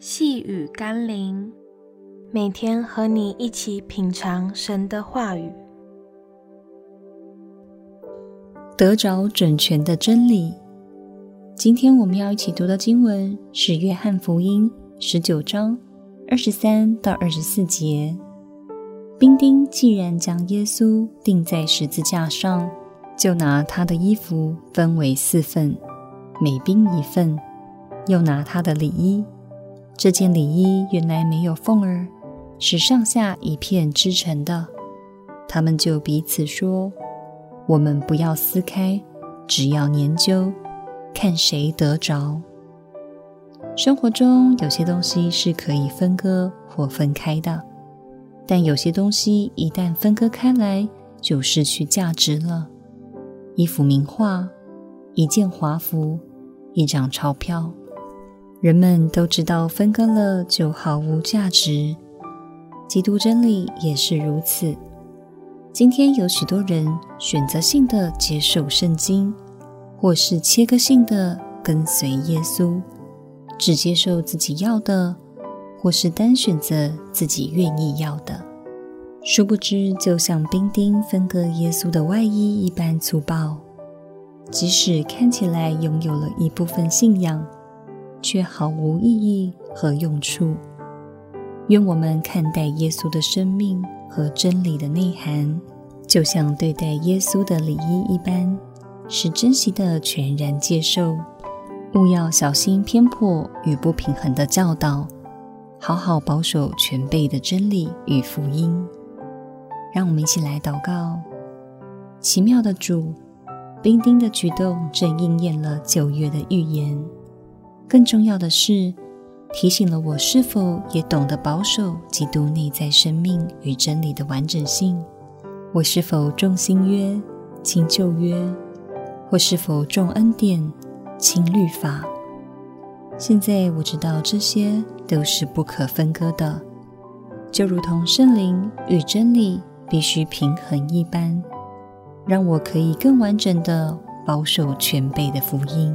細語甘霖，每天和你一起品嘗神的話語，得着整全的真理。今天我們要一起讀的經文是《約翰福音》十九章二十三到二十四節。兵丁既然將耶穌釘在十字架上，就拿他的衣服分為四份，每兵一份，又拿他的裡衣。這件裡衣原來沒有縫兒，是上下一片織成的。他們就彼此說：“我們不要撕開，只要研究，看誰得着。”生活中有些東西是可以分割或分開的，但有些東西一旦分割開來，就是、失去價值了。一幅名畫，一件華服，一張鈔票。人們都知道分割了就毫無價值，基督真理也是如此。今天有許多人選擇性地接受聖經，或是切割性地跟隨耶穌，只接受自己要的，或是單選擇自己願意要的。殊不知，就像兵丁分割耶穌的外衣一般粗暴，即使看起來擁有了一部分信仰。卻毫無意義和用處。願我們看待耶穌的生命和真理的內涵，就像對待耶穌的裡衣一般，是珍惜的全然接受。務要小心偏頗與不平衡的教導，好好保守全備的真理與福音。讓我們一起來禱告：奇妙的主，兵丁的舉動正應驗了舊約的預言。更重要的是，提醒了我是否也懂得保守基督內在生命與真理的完整性；我是否重新約輕舊約，或是否重恩典輕律法？現在我知道這些都是不可分割的，就如同聖靈與真理必須平衡一般，讓我可以更完整地保守全備的福音。